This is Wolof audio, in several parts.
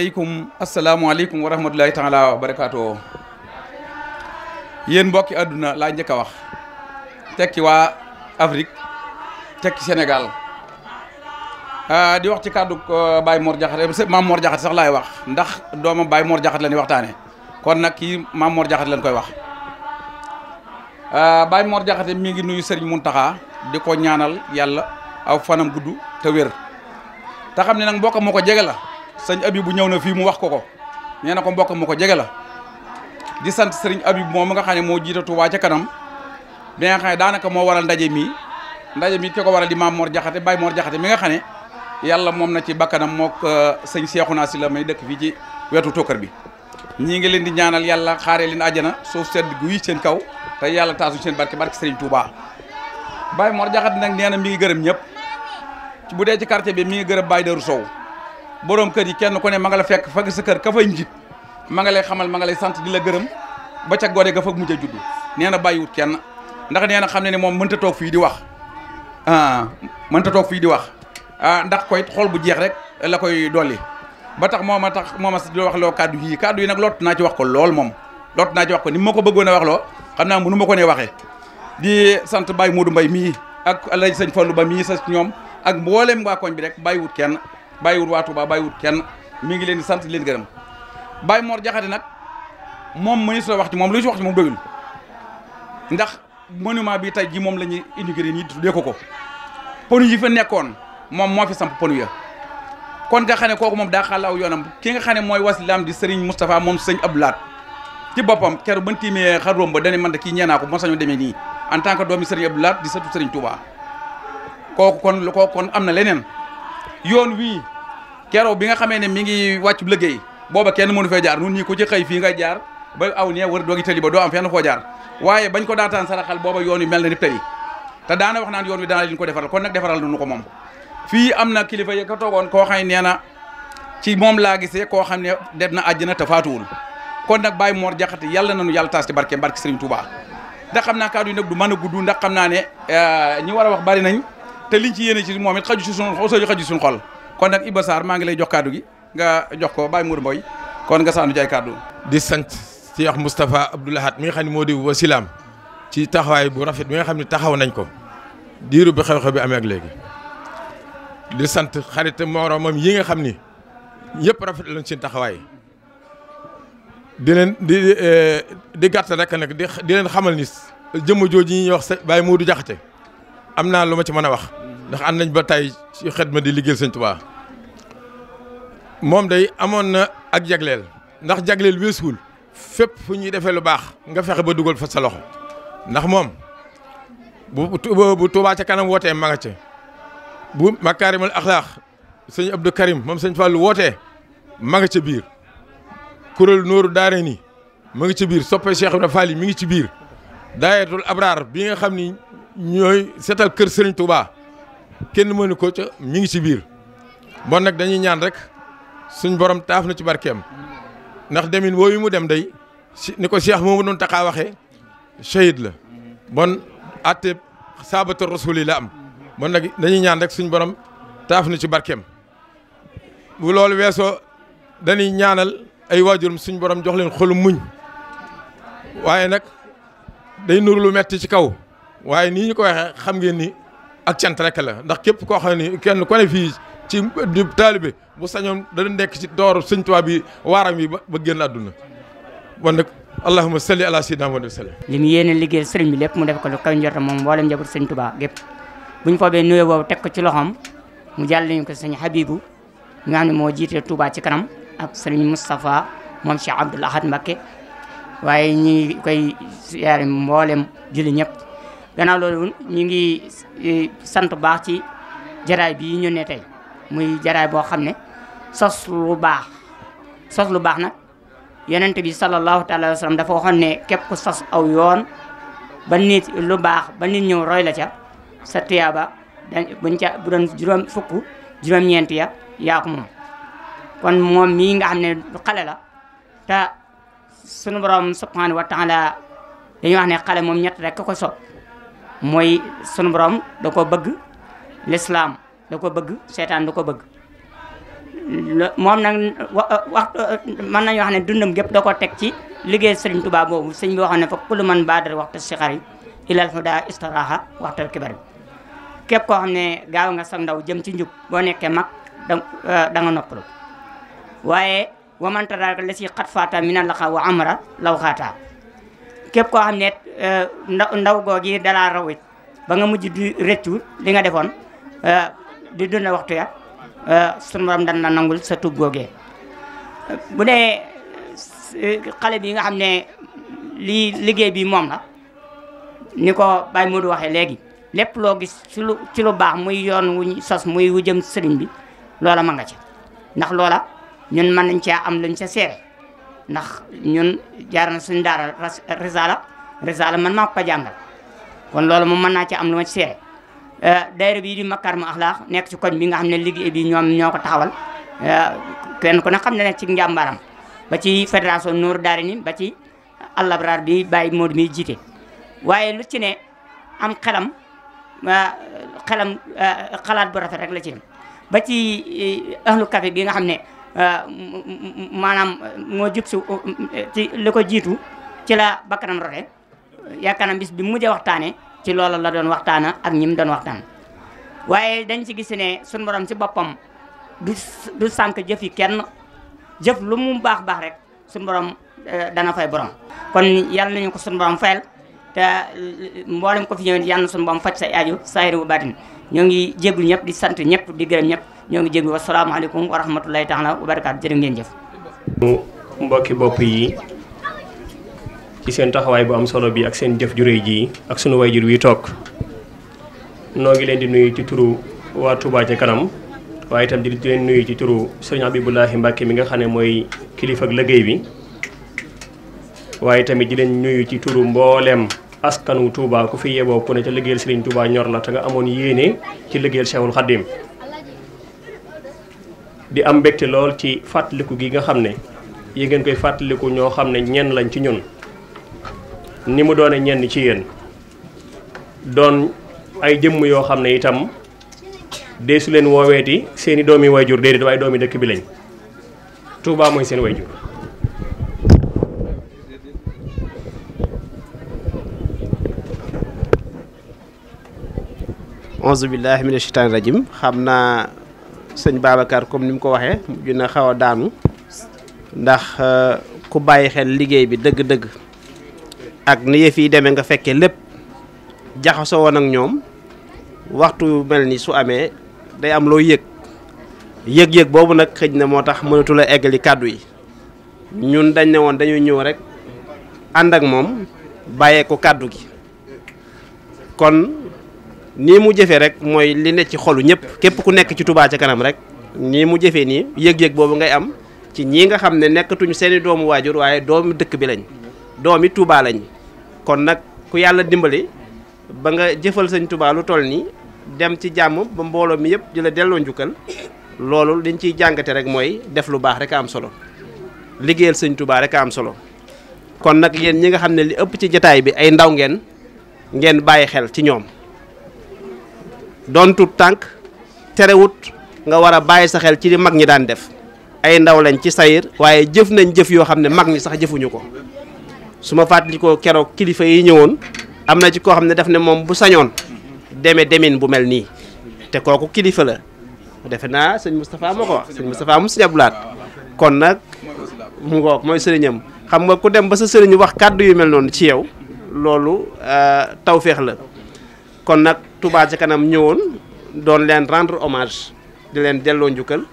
aleykum asalaamualeykum wa rahmatulahi taala wa barakaatu yéen mbokki àdduna laa njëkk a wax tekki waa Afrique tekki Sénégal ah, di wax ci kàddu euh, Baye Mor Diakhaté Mor Diakhaté sax laay wax ndax doomam baay moor Diakhaté la ñuy waxtaane kon nag ki maam Mor Diakhaté lañ koy wax ah, Baye Mor Diakhaté mi ngi nuyu Serigne Mountakha di ko ñaanal yàlla aw fanam gudd te wér te xam ne nag mbokk moo ko la sëñ bu ñëw na fii mu wax ko ko nee na ko mbokk mu ko jege la di sant sëriñ Abibu moom mu nga xam ne moo jiite Touba ca kanam bi nga xam daanaka moo waral ndaje mi ndaje mi ki ko waral di maam Mor Jaxate Baye Mor Jaxate mi nga xam ne yàlla moom na ci bakkanam mook euh, sëñ naa Si la may dëkk fii ci wetu tokkar bi ñii ngi leen di ñaanal yàlla xaaree leen àjjana suuf sedd guy seen kaw te yàlla taasu seen barke barke sëriñ Touba Baye moo Jaxate nag nee mi ngi gërëm ñëpp bu dee ci quartier bi mi ngi gërëm Baye Sow boroom kër yi kenn ku ne ma nga la fekk fekk sa kër ka fay njit ma nga lay xamal ma nga lay sant di la gërëm ba ca gone ga fa mujj a judd nee na bàyyiwut kenn ndax nee na xam ne ne moom mënta toog fii di wax ah mënta toog fii di wax ah ndax koy xool bu jeex rek la koy dolli ba tax moo ma tax moo ma si di wax loo kàddu yii kàddu yi nag lott naa ci wax ko lool moom lott naa ci wax ko ni ma ko bëggoon a wax loo xam naa mënu ma ko waxee di sant Baye Modou mbay mii ak El Sëñ Fallou Ba mii sa ñoom ak mboolem waa bi rek bàyyiwut kenn. bàyyiwut waa Touba bàyyiwut kenn mii ngi leen di sant leen gërëm Baye Mor Jaxate nag moom soo wax ci moom lu ñu si wax ci moom doyul ndax monument bi tey ji moom la ñuy inauguré nii tuddee ko ko ponu yi fa nekkoon moom moo fi samp ponu ya kon nga xam kooku moom daa xàllaaw yoonam ki nga xam ne mooy wasilaam di Serigne Moustapha moom sëñ Abdou Lahad ci boppam keroog ba ñu xar xaroom ba dañu mën kii ñeenaa ko moo sañu demee nii en tant que doomi Serigne Abdou Lahad di sëtu Serigne Touba kooku kon kooku kon am na leneen. yoon wii keroog bi nga xamee ne mi ngi wàcc liggéey booba kenn mënu fee jaar nun ñi ko ci xëy fii nga jaar ba aw nee war doogi tëli ba doo am fenn foo jaar waaye bañ ko daataan saraxal booba yoon wi mel na ni tëli te daana wax naan yoon wi daana leen ko defaral kon nag defaral nañu ko moom fii am na kilifa yi ko toogoon ko xam nee na ci moom laa gisee koo xam ne dem na àjjana te faatuwul kon nag Baye Mor Jaxate yàlla nañu yàlla taas ci barke barke Serigne Touba ndax xam naa nag du mën a gudd ndax xam naa ne euh, ñi war a wax bari nañ te liñ ci yéene ci moom it xaju ci suñu xaju xaju suñu xol kon nag Iba maa ngi lay jox kàddu gi nga jox ko Baye Mour Mboy kon nga saanu ci ay di sant Cheikh Moustapha Abdou Lahad mi nga xam ne moo di wasilaam ci taxawaay bu rafet bi nga xam ne taxaw nañ ko diiru bi xew bi amee léegi di sant xarit moroomam yi nga xam ni yëpp rafet lañ seen taxawaay di leen di eh, di gàtt rek nag di leen xamal ni jëmm jooju ñuy wax sa Baye Modou Diakhaté am naa lu ma ci mën a wax ndax ànd nañ ba tey ci ma di liggéeyal sëñ Tuubaa moom day amoon na ak jagleel ndax jagleel weesuwul fépp fu ñuy defee lu baax nga fexe ba dugal fa sa loxo ndax moom bu bu Tuubaa ca kanam wootee ma nga ca bu Makaarimul Axlaaq sëñ Abdou Karim moom sëñ lu wootee ma nga ca biir kuréel Nooru Daare nii ma nga ci biir soppe Cheikh Ibrahima Fall mi ngi ci biir daayatul abraar bi nga xam ni ñooy seetal kër Serigne Touba kenn mënu ko ca mi ngi ci biir bon nag dañuy ñaan rek suñ borom taaf na ci barkeem ndax demin wooyu mu dem day si ni ko Cheikh moomu doon taxaa waxee shahid la bon atte saabata rasuli la am bon nag dañuy ñaan rek suñ borom taaf na ci barkeem bu loolu weesoo dañuy ñaanal ay waajurum suñ borom jox leen xolu muñ waaye nag day nuru lu metti ci kaw waaye nii ñu ko waxee xam ngeen nii ak cant rek la ndax képp koo xam ne kenn ku ne fii ci di taalibe bu sañoon dana nekk ci dooru sëñ Tuubaa bi waaram yi ba génn àdduna bon salli ala sayyidina Muhammad sallam li mu yéene liggéeyal sëriñ bi lépp mu def ko lu kaw njortam moom mboolem njaboot sëñ Tuubaa gépp buñ foobee nuyoo boobu teg ci loxoom mu jàll ñu ko sëñ Habibu nga xam ne moo jiite Touba ci kanam ak sëriñ Moustapha moom Cheikh Abdoul Ahad waaye ñi koy siyaare mboolem julli ñëpp gannaaw loolu ñu ngi e, sant baax ci jaraay bi ñu ne tey muy jaraay boo xam ne sos lu baax sos lu baax nag yonent bi sallallahu taala wa sallam dafa waxoon ne képp ku sos aw yoon ba lu baax ba nit ñëw roy la ca sa tiyaaba dañ buñ ca bu doon juróom fukk juróom-ñeent ya yaa ko moom kon moom mii nga xam ne xale la te sunu borom subhanahu wa taala dañuy ne xale moom ñetti rek ko sopp mooy sunu borom da ko bëgg lislaam da ko bëgg seetaan da ko bëgg moom nag waxtu mën nañu wax ne dundam gépp da ko teg ci liggéey sëriñ Tuubaa boobu sëñ bi xam ne fa kullu man baadar waxtu sixari ilal huda istaraha waxtu kibar képp koo xam ne gaaw nga sag ndaw jëm ci njub boo nekkee mag danga nga noppalu waaye waman tadaraka la si xat faata mina laxa wa amara law xaata képp koo xam ne eh, ndaw ndaw googi dalaa raw it ba nga mujj di rëccu li nga defoon eh, di dund waxtu ya eh, sunu borom dan la nangul sa tuub googee bu dee xale bi nga xam ne lii liggéey bi moom la ni ko Baye Modou waxee léegi lépp loo gis ci lu ci lu baax muy yoon wuñ sos muy wu jëm sëriñ bi loola ma nga ci ndax loola ñun mën nañ cee am luñ ca seere ndax ñun jaar na suñu daara risala risala man maa ko jàngal kon loolu moom mën naa ci am lu ma ci seere euh, daayira bii di Makarimal Akhlaq nekk ci koñ bi nga xam ne liggéey bi ñoom ñoo ko taxawal euh, kenn ku ne xam ne ne ci njàmbaram ba ci fédération Nour ni ba ci Al-Abrar bi Baye Modou mi jiite waaye lu ci ne am xelam euh, xelam xalaat bu rafet rek la ci dem ba ahlu café bi nga xam ne Euh, maanaam moo jub si euh, ci li ko jiitu ci la bakkanam rote yaakaar naa bi mu mujj waxtaanee ci loolu la doon waxtaana ak ñi doon waxtaan waaye dañ ci gissine ne sunu borom ci boppam du du sànq jëf yi kenn jëf lu mu baax baax rek sunu borom euh, dana fay borom. kon yàlla nañu ko sunu borom fayal te mboolem ko fi ñëwee yàlla na sunu borom say sa aaju saahir bu baatin ñoo ngi jéggul ñëpp di sant ñëpp di gërëm ñëpp ñoo ngi jéggul wasalaamaaleykum wa rahmatulahi taala wa barakaatu jërë ngeen jëf mbokki bopp yi ci seen taxawaay bu am solo bi ak seen jëf ju réy ji ak sunu jur wi toog noo ngi leen di nuyu ci turu waa Touba ca kanam waaye itam di leen nuyu ci turu sëriñ Abibulaahi Mbàkke mi nga xam ne mooy kilifa ak liggéey bi waaye tamit di leen nuyu ci turu mbooleem askanu tuubaa ku fi yeboo ku ne ca liggéeyal Serigne Touba ñor la te nga amoon yéene ci liggéeyal Cheikhul Khadim di am mbégte lool ci fàttaliku gi nga xam ne yi ngeen koy fàttaliku ñoo xam ne ñenn lañ ci ñun ni mu doone ñenn ci yéen doon ay jëmm yoo xam ne itam deesu leen wooweeti seeni doomi wayjur déedéet waaye doomi dëkk bi lañ Touba mooy seen wayjur auzu billahi mina shaytaani rajim xam naa sëñ Babacar comme ni mu ko waxee mujj na xaw a daanu ndax euh, ku bàyyi xel liggéey bi dëgg-dëgg ak ni yëf yi demee nga fekkee lépp jaxasoo woon ak ñoom waxtu mel ni su amee day am loo yëg yëg-yëg boobu nag xëj na moo tax mënatu la eggali kàddu yi ñun dañ ne woon dañuy ñëw rek ànd ak moom bàyyee ko kàddu gi kon nii mu jëfee rek mooy li ne ci xolu ñëpp képp ku nekk ci tubaa ca kanam rek nii mu jëfee nii yëg-yëg boobu ngay am ci ñii nga xam ne nekkatuñu seeni doomu waajur waaye doomu dëkk bi lañ doomi Touba lañu kon nag ku yàlla dimbali ba nga jëfal sëñ tubaa lu toll nii dem ci jàmm ba mbooloo mi yëpp di la delloo njukkal loolu liñ ciy jàngate rek mooy def lu baax rek a am solo liggéeyal sëñ tubaa rek a am solo kon nag yéen ñi nga xam ne li ëpp ci jataay bi ay ndaw ngeen ngeen bàyyi xel ci ñoom doon tànk terewut nga war a bàyyi sa xel ci li mag ñi daan def ay ndaw lañ ci sayir waaye jëf nañ jëf yoo xam ne mag ñi sax jëfuñu ko su ma fàttalikoo keroog kilifa yi ñëwoon am na ci koo xam ne daf ne moom bu sañoon deme demin bu mel nii te kooku kilifa la defe naa sëñ Moustapha moo ko wax sëñ Moustapha mu sëñ Abdoulaat kon nag mu ngoog mooy sëriñam xam nga ku dem ba sa sëriñ wax kàddu yu mel noonu ci yow loolu euh, tawféex la Touba ca kanam ñëwoon doon leen rendre hommage di leen delloo njukkal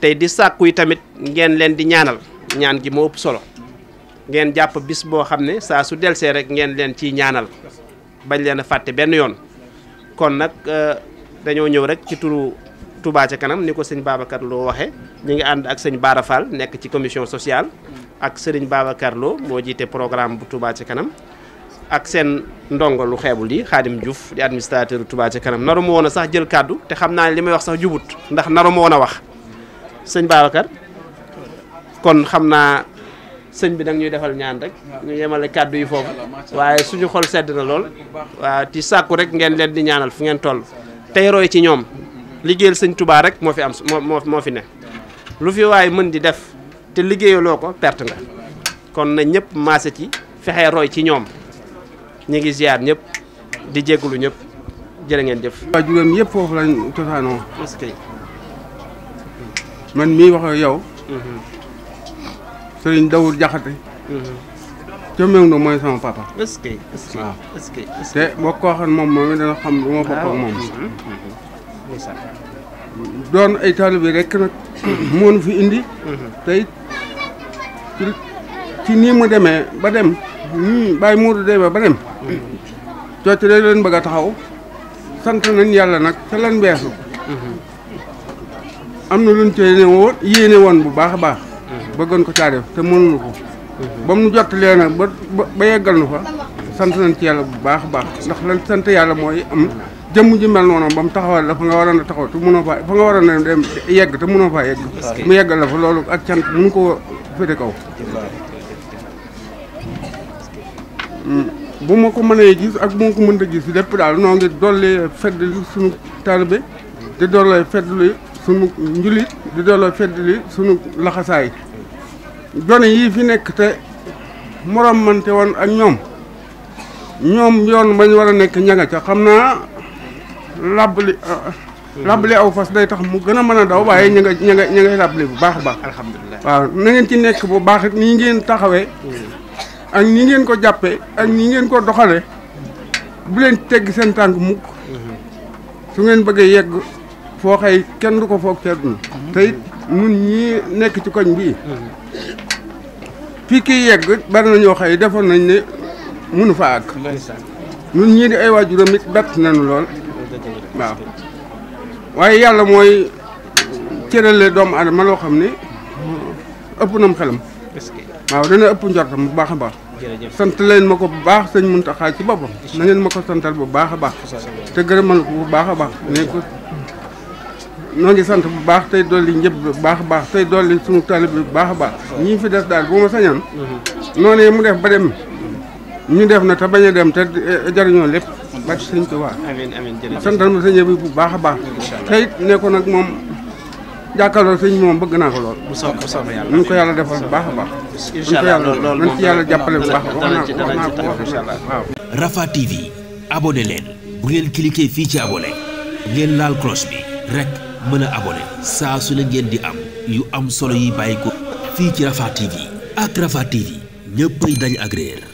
tey di sàkku yi tamit ngeen leen di ñaanal ñaan gi moo ëpp solo ngeen jàpp bis boo xam ne saa su delsee rek ngeen leen ciy ñaanal bañ leen a fàtte benn yoon kon nag euh, dañoo ñëw rek ci turu tubaa ca kanam ni ko sëñ Babacar Lo waxee ñu ngi ànd ak sëñ Bara nekk ci commission sociale ak sëriñ Babacar Lo moo jiite programme bu Touba ca kanam ak seen ndongo lu xeebul lii Khadim Diouf di administrateur tubaa ci kanam naru ma woon sax jël kàddu te xam naa ne li may wax sax jubut ndax naru ma woon a wax sëñ Babacar kon xam naa sëñ bi nag ñuy defal ñaan rek ñu yemale kàddu yi foofu waaye suñu xol sedd na lool waaw ci sàkku rek ngeen leen di ñaanal fu ngeen toll tey roy ci ñoom liggéeyal sëñ Touba rek moo fi am moo moo fi ne lu fi waaye mën di def te liggéeyaloo ko perte nga kon na ñëpp maase ci fexe ci ñoom ñu ngi ziar ñëpp di jégalu ñëpp jërë ngeen jëf. waa juróom yëpp foofu lañ cosaanoo. man mii wax ak yow. Mhm. sëriñ Dawud Jaxate. Mhm. Comeeng Ndo mooy sama papa. est-ce que moom moom mhm. doon ay taalibe rekk nag. moo nu fi indi. tey ci nii mu demee ba dem. ñii hmm, bàyyi Modou Demba ba dem cocc day leen bëgg a taxaw sant nañ yàlla nag te lan beesu am na luñ ci yéene woon woon bu baax a baax bëggoon ko caa te mënuñu ko ba mu jot leen nag ba ba yeggal nu fa sant nañ ci yàlla bu baax a baax ndax lan sant yàlla mooy am jëmm ji mel noonu ba mu taxawal la fa nga waroon a taxaw te mënoo faa fa nga waroon a dem yegg te mënoo faa yegg mu yeggal la fa loolu ak cant mënu ko féete kaw bu ma ko mënee gis ak bu ma ko mënta gis lépp daal noo ngi dolli feddali sunu taalibe di dolli feddali sunu njulit di dolli feddali sunu laxasaay gone yii fi nekk te morom mante woon ak ñoom ñoom yoon bañ war a nekk ñanga ca xam naa làbbali mhm. làbbali aw fas day tax mu gën a mën a daw waaye ña nga ña nga ña bu baax a baax alhamdulilah waaw na ngeen ci nekk bu baax it nii ngeen taxawee mhm. ak ñi ngeen ko jàppee ak nii ngeen ko doxale bu leen tegg seen tànk mukk su ngeen bëggee yegg foo xëy kenn du ko foog ca dund te nun ñii nekk ci koñ bii fii kii yegg bari na ñoo xëy defoon nañ ne mënu fa àgg nun ñii di ay waajuram it bett nañu lool waaw waaye yàlla mooy cërale doomu adama loo xam ne ëpp nam xelam waaw dana ëpp njortam bu baax a baax. sant leen ma ko bu baax sëñ Muntaxa ci boppam. na ngeen ma ko santal bu baax a baax. te gërëmal ko bu baax a baax. ne ko noo ngi sant bu baax tey dolli njëb bu baax a baax tey dolli suñu talib bi bu baax a baax. ñi fi des daal bu ma sañoon. Mhm. noonu mu def ba dem ñu def na te bañ a dem te eh, jariñoo lépp. bàcc sëñ Tuubaa. amiin amiin jërëjëf santal ma sëñ bi bu baax a baax. tey ne ko moom. jàkkaarloo sëñ moom bëgg naa ko lool. bu soob bu soob ko yàlla defal bu baax a baax. incha allah loolu ci yàlla jàppale bu baax a baax. TV abonné leen bu ngeen cliquer fii ci abonné ngeen laal cloche bi rek mën a abonné saa su ne ngeen di am yu am solo yi bàyyi ko fii ci Rafah TV ak Rafah TV ñëppay dañ agréer